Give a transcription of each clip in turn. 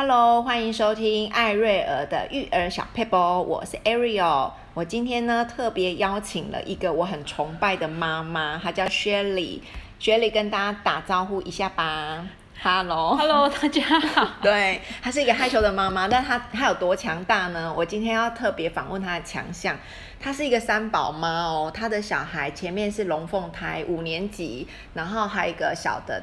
Hello，歡迎收聽艾瑞爾的育兒小撇步，我是 Ariel。我今天呢特別邀請了一個我很崇拜的媽媽，她叫 Selly。Selly 跟大家打招呼一下吧。Hello。Hello，大家好。 對，她是一個害羞的媽媽，但她她有多強大呢？我今天要特別訪問她的強項。她是一個三寶媽哦，她的小孩前面是龍鳳胎，五年級，然後還有一個小的。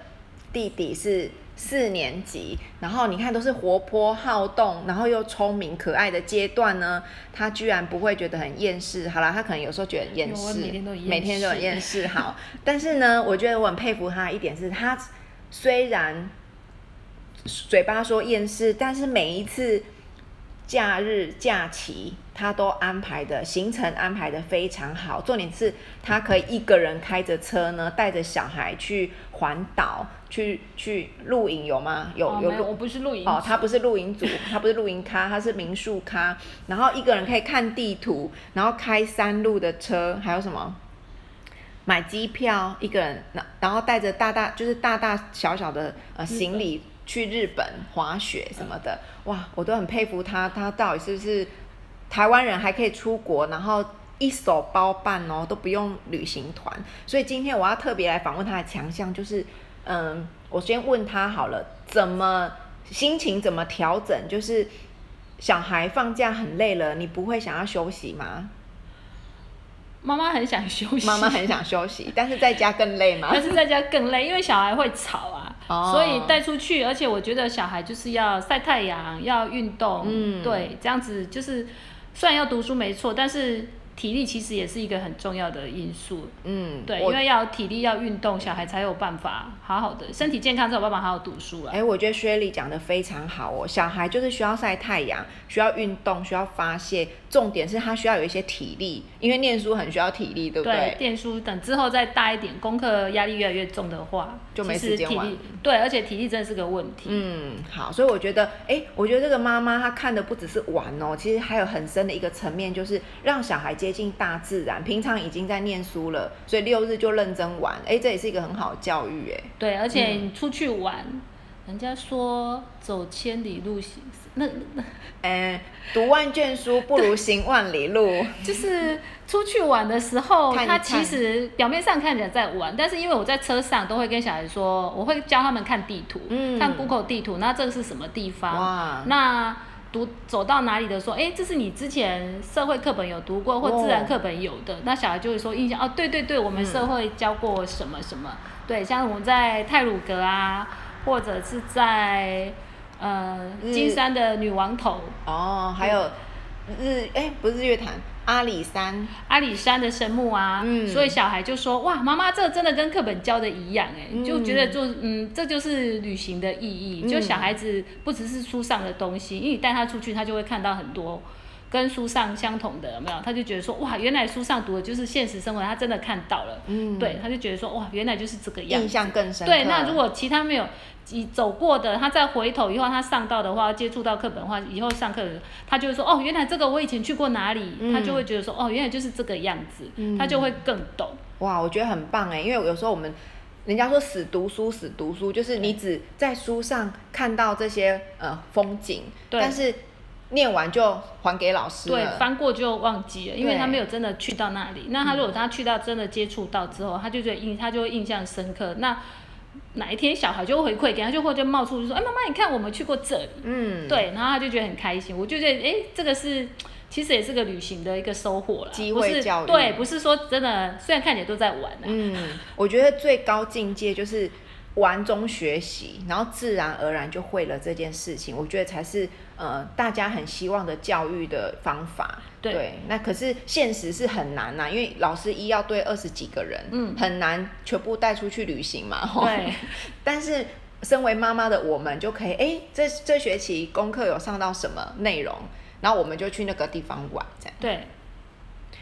弟弟是四年級，然後你看都是活潑好動，然後又聰明可愛的階段呢，他居然不會覺得很厭世。好啦，他可能有時候覺得厭世，我每天都厭世，每天都很厭世。好，但是呢，我覺得我很佩服他一點是，他雖然嘴巴說厭世，但是每一次假日假期，他都安排的行程安排的非常好，重點是他可以一個人開着車呢，帶着小孩去環島，去去露營有嗎？有、oh, 有，沒有，我不是露營哦，他不是露營組，他不是露營咖，他是民宿咖。 然後一個人可以看地圖，然後開山路的車，還有什麼？買機票一個人，然然後帶着大大就是大大小小的呃行李日本，去日本滑雪什麼的，哇，我都很佩服他，他到底是不是？台灣人還可以出國，然後一手包辦哦、喔，都不用旅行團。所以今天我要特別來訪問他的強項，就是，嗯，我先問他好了，怎麼心情怎麼調整？就是小孩放假很累了，你不會想要休息嗎？媽媽很想休息。媽媽很想休息，但是在家更累嗎？但是在家更累，因為小孩會吵啊，哦、所以帶出去。而且我覺得小孩就是要曬太陽，要運動，嗯，對，這樣子就是。雖然要讀書沒錯，但是。體力其實也是一個很重要的因素，嗯，對，我因為要體力要運動，小孩才有辦法好好的身體健康才有辦法好好讀書啊。哎、欸，我覺得 Selly 講得非常好哦，小孩就是需要曬太陽，需要運動，需要發洩，重點是他需要有一些體力，因為念書很需要體力，對不對？對念書等之後再大一點，功課壓力越來越重的話，就沒時間玩。對，而且體力真的是個問題。嗯，好，所以我覺得，哎、欸，我覺得這個媽媽她看的不只是玩哦，其實還有很深的一個層面，就是讓小孩。接近大自然，平常已經在念書了，所以六日就認真玩。誒，這也是一個很好的教育，誒。對，而且你出去玩，嗯、人家說走千里路，行。那，誒，讀萬卷書不如行萬里路。就是出去玩的時候， 看看他其實表面上看起來在玩，但是因為我在車上都會跟小孩說，我會教他們看地圖，嗯、看 Google 地圖，那這是什麼地方？哇，那。讀走到哪裡的說，哎，這是你之前社會課本有讀過或自然課本有的。哦、那小孩就會說印象哦，對對對，我們社會教過什麼什麼，嗯、對，像我們在太魯閣啊，或者是在呃日金山的女王頭哦，嗯、還有日哎，不是日月潭。阿里山，阿里山的神木啊，嗯、所以小孩就說：哇，媽媽，這真的跟課本教的一樣哎，就覺得就嗯，這就是旅行的意義。嗯、就小孩子不只是書上的東西，因為你帶他出去，他就會看到很多。跟書上相同的有沒有，他就覺得說哇，原來書上讀的就是現實生活，他真的看到了。嗯、對，他就覺得說哇，原來就是這個樣子。印象更深。對，那如果其他沒有走過的，他再回頭以後，他上到的話，接觸到課本的話，以後上課的時候，他就會說哦，原來這個我以前去過哪裡，嗯、他就會覺得說哦，原來就是這個樣子，嗯、他就會更懂。哇，我覺得很棒哎，因為有時候我們人家說死讀書，死讀書就是你只在書上看到這些對呃風景，對但是。念完就還給老師了。對，翻過就忘記了，因為他沒有真的去到那裡。對那他如果他去到真的接觸到之後，嗯、他就覺得印，他就印象深刻。那哪一天小孩就會回饋給他，他就或就冒出就說：“哎、欸，媽媽，你看我們去過這裡。”嗯。對，然後他就覺得很開心。我就覺得，哎、欸，這個是其實也是個旅行的一個收穫了。機會教育，對，不是說真的，雖然看起來都在玩。嗯，我覺得最高境界就是。玩中學習，然後自然而然就會了這件事情。我覺得才是呃大家很希望的教育的方法。對，對，那可是現實是很難吶、啊，因為老師一要對二十幾個人，嗯，很難全部帶出去旅行嘛。對。但是，身為媽媽的我們就可以，誒，這這學期功課有上到什麼內容？然後我們就去那個地方玩，這樣。對。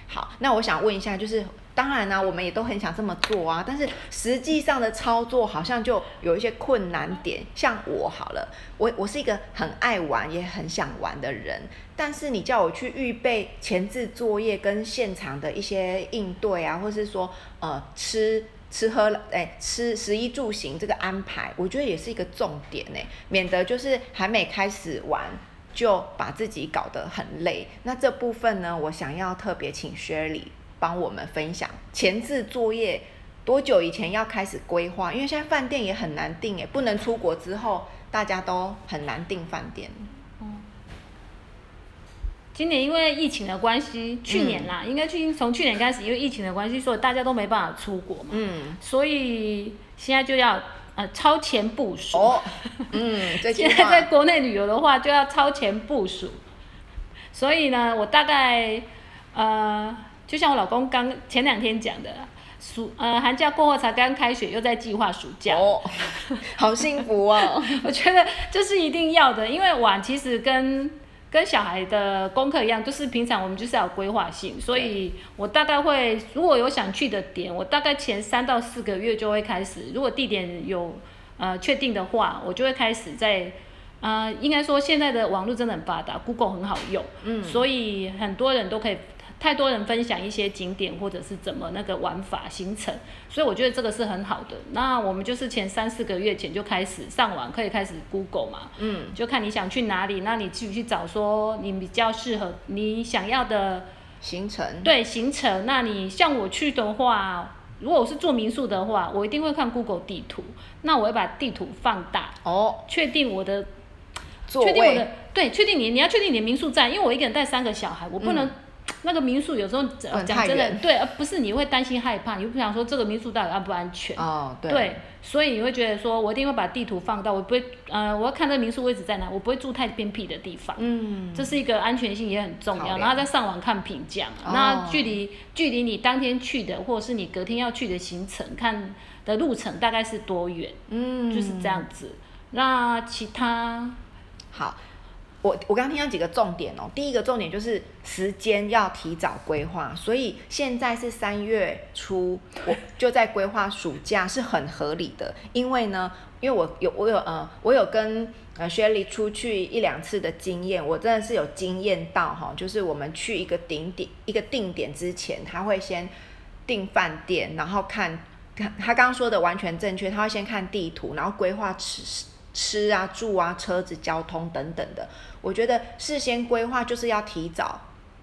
好，那我想問一下，就是。當然啦、啊，我們也都很想這麼做啊，但是實際上的操作好像就有一些困難點。像我好了，我我是一個很愛玩也很想玩的人，但是你叫我去預備前置作業跟現場的一些應對啊，或是說呃吃吃喝誒，哎、欸、吃食衣住行這個安排，我覺得也是一個重點呢、欸，免得就是還沒開始玩就把自己搞得很累。那這部分呢，我想要特別請 Selly 幫我們分享前置作業多久以前要開始規劃？因為現在飯店也很難訂哎，不能出國之後大家都很難訂飯店。今年因為疫情的關係，去年啦，嗯、應該去從去年開始，因為疫情的關係，所以大家都沒辦法出國嘛。嗯。所以現在就要呃超前部署。哦、嗯，現在在國內旅遊的話，就要超前部署。所以呢，我大概呃。就像我老公剛前兩天講的，暑呃寒假過後才剛開學，又在計劃暑假，哦、好幸福哦！ 我覺得這是一定要的，因為玩其實跟跟小孩的功課一樣，就是平常我們就是要有規劃性，所以我大概會，如果有想去的點，我大概前三到四個月就會開始。如果地點有呃確定的話，我就會開始在呃，應該說現在的網絡真的很發達，Google 很好用，嗯，所以很多人都可以。太多人分享一些景點，或者是怎麼那個玩法、行程，所以我覺得這個是很好的。那我們就是前三四個月前就開始上網可以開始 Google 嘛，嗯，就看你想去哪裡，那你去不去找說你比較適合你想要的行程，對行程。那你像我去的話，如果我是做民宿的話，我一定會看 Google 地圖，那我會把地圖放大哦，確定我的，座位，確定我的，對，確定你你要確定你的民宿在，因為我一個人帶三個小孩，我不能、嗯。那個民宿有時候講真的，對，而不是你會擔心害怕，你不想說這個民宿到底安不安全？哦、對，對。所以你會覺得說我一定會把地圖放到，我不會，呃，我要看這個民宿位置在哪，我不會住太偏僻的地方。嗯。這是一個安全性也很重要，考量。然後再上網看評價，那、哦、距離，距離你當天去的或者是你隔天要去的行程，看的路程大概是多遠？嗯，就是這樣子。那其他，好。我我剛剛聽到幾個重點哦，第一個重點就是時間要提早規劃，所以現在是三月初，我就在規劃暑假是很合理的，因為呢，因為我有我有呃我有跟呃 Selly 出去一兩次的經驗，我真的是有經驗到哈、哦，就是我們去一個定點一個定點之前，他會先訂飯店，然後看他剛剛說的完全正確，他會先看地圖，然後規劃吃。吃啊住啊車子交通等等的，我覺得事先規劃就是要提早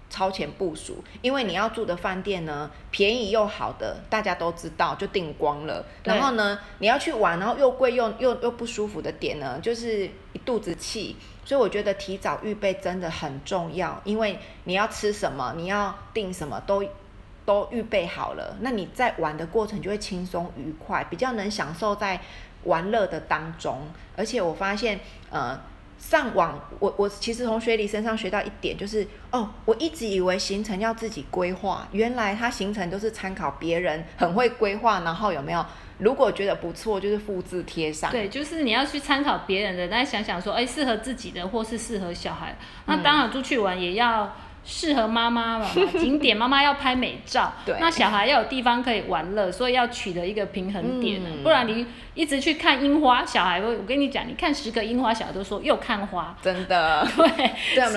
超前部署，因為你要住的飯店呢，便宜又好的，大家都知道就訂光了。對然後呢，你要去玩，然後又貴又又又不舒服的點呢，就是一肚子氣。所以我覺得提早預備真的很重要，因為你要吃什麼，你要訂什麼，都都預備好了，那你在玩的過程就會輕鬆愉快，比較能享受在，玩樂的當中，而且我發現，呃，上網我我其實從 Selly 身上學到一點，就是哦，我一直以為行程要自己規劃，原來它行程都是參考別人，很會規劃，然後有沒有？如果覺得不錯，就是複製貼上。對，就是你要去參考別人的，再想想說，哎，適合自己的，或是適合小孩，那當然出去玩也要。嗯適合媽媽了，景點媽媽要拍美照， 對那小孩要有地方可以玩樂，所以要取得一個平衡點，嗯、不然你一直去看櫻花，小孩會我跟你講，你看十個櫻花，小孩都說又看花，真的，對，這樣子，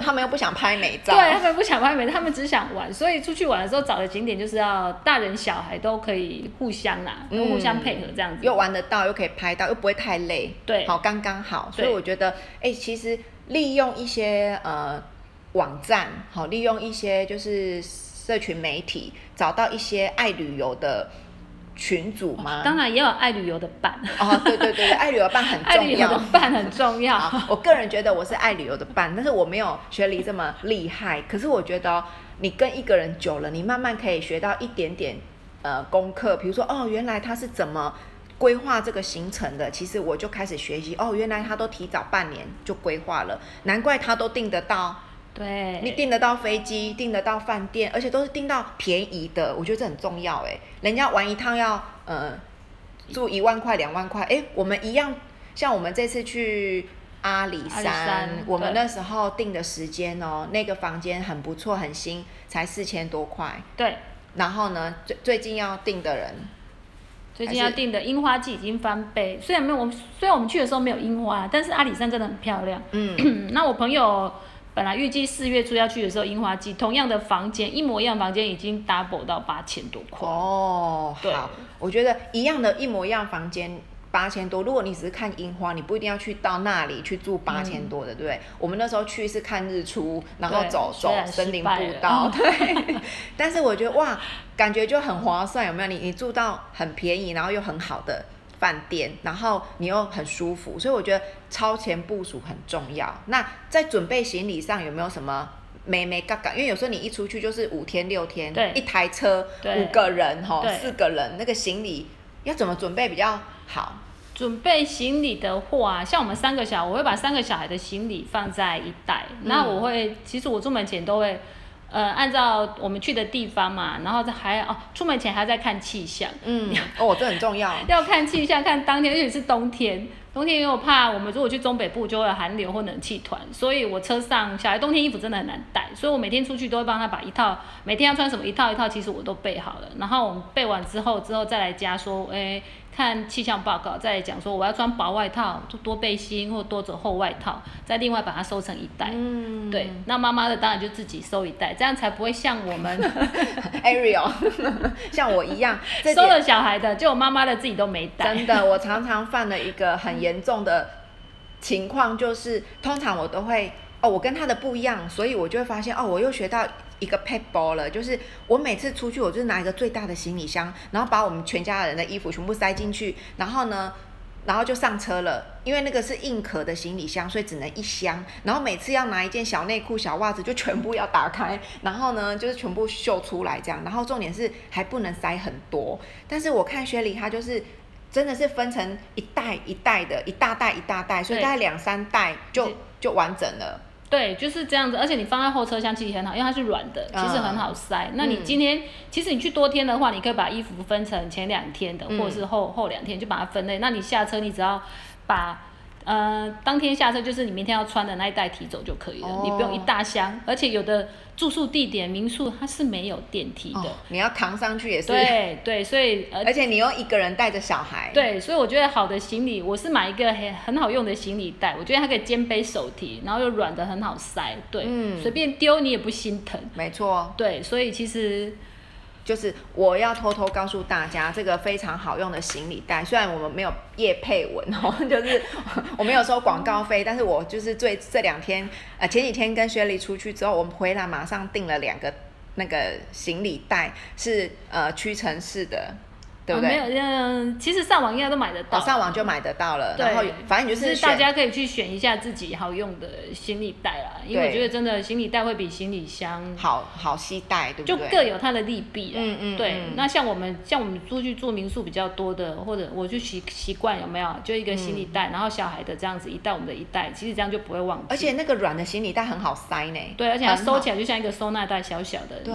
他們又不想拍美照，對，他們不想拍美照，他們只想玩，所以出去玩的時候找的景點就是要大人小孩都可以互相啊，嗯、互相配合這樣子，又玩得到，又可以拍到，又不會太累，對，好剛剛好，所以我覺得哎對、欸，其實利用一些呃、網站好，利用一些就是社群媒體，找到一些愛旅遊的群組嗎？哦、當然也有愛旅遊的伴 哦。對對對對，愛旅遊的伴很重要，愛旅遊伴很重要。我個人覺得我是愛旅遊的伴， 但是我沒有學歷這麼厲害。可是我覺得，你跟一個人久了，你慢慢可以學到一點點呃功課。比如說，哦，原來他是怎麼規劃這個行程的？其實我就開始學習。哦，原來他都提早半年就規劃了，難怪他都訂得到。對，你訂得到飛機，哇訂得到飯店，而且都是訂到便宜的，我覺得這很重要誒，人家玩一趟要呃住一萬塊兩萬塊，哎，我們一樣，像我們這次去阿里山，阿里山我們那時候訂的時間哦，對那個房間很不錯，很新，才四千多塊。對。然後呢，最最近要訂的人，最近要訂的櫻是花季已經翻倍。雖然沒有，我們雖然我們去的時候沒有櫻花，但是阿里山真的很漂亮。嗯。 那我朋友。本來預計四月初要去的時候，櫻花季，同樣的房間一模一樣，房間已經 double 到八千多塊。哦，對好，我覺得一樣的，一模一樣房間八千多，如果你只是看櫻花，你不一定要去到那裡去住八千多的，嗯、對不對？我們那時候去是看日出，然後走對走森林步道，對。 但是我覺得哇，感覺就很划算，有沒有？你你住到很便宜，然後又很好的。飯店，然後你又很舒服，所以我覺得超前部署很重要。那在準備行李上有沒有什麼眉眉角角？因為有時候你一出去就是五天六天，對一台車，五個人對、哦、四個人對，那個行李要怎麼準備比較好？準備行李的話，像我們三個小孩，我會把三個小孩的行李放在一袋。嗯、那我會，其實我出門前都會。呃，按照我們去的地方嘛，然後這還哦，出門前還要再看氣象。嗯， 哦，這很重要。要看氣象，看當天，尤其是冬天。冬天因為我怕，我們如果去中北部就會有寒流或冷氣團，所以我車上小孩冬天衣服真的很難帶，所以我每天出去都會幫他把一套，每天要穿什麼一套一套，其實我都備好了。然後我們備完之後，之後再來加說，哎，看氣象報告，再來講說我要穿薄外套，就多背心或多走厚外套，再另外把它收成一袋。嗯，對，那媽媽的當然就自己收一袋，這樣才不會像我們 Ariel 像我一樣收了小孩的，就我媽媽的自己都沒帶。真的，我常常犯了一個很。嚴重的情況就是，通常我都會哦，我跟他的不一樣，所以我就會發現哦，我又學到一個撇步了。就是我每次出去，我就拿一個最大的行李箱，然後把我們全家人的衣服全部塞進去，然後呢，然後就上車了。因為那個是硬殼的行李箱，所以只能一箱。然後每次要拿一件小內褲、小襪子，就全部要打開，然後呢，就是全部秀出來這樣。然後重點是還不能塞很多。但是我看 Selly 她就是。真的是分成一袋一袋的，一大袋一大袋，所以大概兩三袋就對就完整了。對，就是這樣子。而且你放在後車廂其實很好，因為它是軟的，其實很好塞。嗯、那你今天其實你去多天的話，你可以把衣服分成前兩天的，嗯、或者是後後兩天就把它分類。那你下車你只要把。呃，當天下車就是你明天要穿的那一袋提走就可以了，哦、你不用一大箱。而且有的住宿地點民宿它是沒有電梯的，哦、你要扛上去也是。對對，所以而且，而且你用一個人帶着小孩。對，所以我覺得好的行李，我是買一個很很好用的行李袋，我覺得它可以肩背手提，然後又軟的很好塞，對，嗯、隨便丟你也不心疼。沒錯。對，所以其實。就是我要偷偷告訴大家，這個非常好用的行李袋。雖然我們沒有業配文哦，就是我沒有收廣告費，但是我就是最這兩天，呃，前幾天跟 Selly 出去之後，我們回來馬上訂了兩個那個行李袋是，是呃屈臣氏的。我沒有，其實上網應該都買得到，上網就買得到了。對，然後反正就是大家可以去選一下自己好用的行李袋啦。因為我覺得真的行李袋會比行李箱好好攜帶，對不對？就各有它的利弊。嗯對，那像我們像我們出去住民宿比較多的，或者我就習習慣有沒有就一個行李袋，然後小孩的這樣子一袋，我們的一袋，其實這樣就不會忘。而且那個軟的行李袋很好塞呢。對，而且它收起來就像一個收納袋，小小的。對，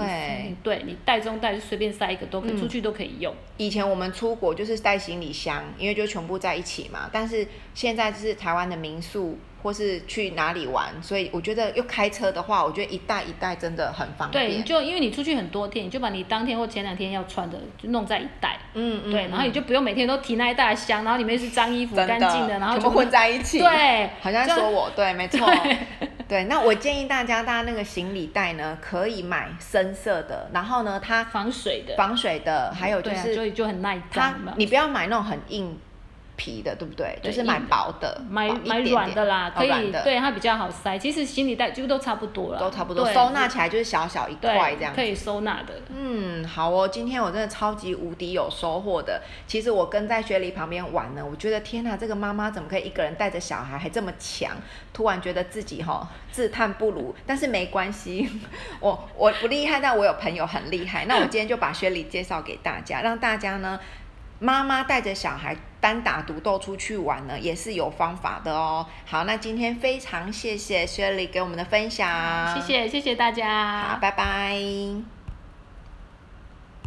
對你袋中袋就隨便塞一個都可以，出去都可以用。以前。我們出國就是帶行李箱，因為就全部在一起嘛。但是現在就是台灣的民宿或是去哪裡玩，所以我覺得要開車的話，我覺得一袋一袋真的很方便。對，就因為你出去很多天，你就把你當天或前兩天要穿的就弄在一袋，嗯對，嗯然後你就不用每天都提那一大箱，然後裡面是髒衣服、乾淨的，的然後全部，全部混在一起。對，好像在說我，樣對，沒錯哦。對，那我建議大家，大家那個行李袋呢，可以買深色的，然後呢，它防水的，防水的，還有就是就很耐髒，你不要買那種很硬。皮的對不對？對，就是買薄的，買軟的啦，可以、哦、的對它比較好塞。其實行李袋幾乎都差不多了，都差不多，對收納起來就是小小一塊這樣，可以收納的。嗯，好哦，今天我真的超級無敵有收穫的。其實我跟在 Selly 旁邊玩呢，我覺得天哪，這個媽媽怎麼可以一個人帶着小孩還這麼強？突然覺得自己哈、哦、自嘆不如，但是沒關係， 我我不厲害，但我有朋友很厲害。 那我今天就把 Selly 介紹給大家，讓大家呢。媽媽帶着小孩單打獨鬥出去玩呢，也是有方法的哦。好，那今天非常謝謝 Selly 給我們的分享。嗯，謝謝，謝謝大家。好，拜拜。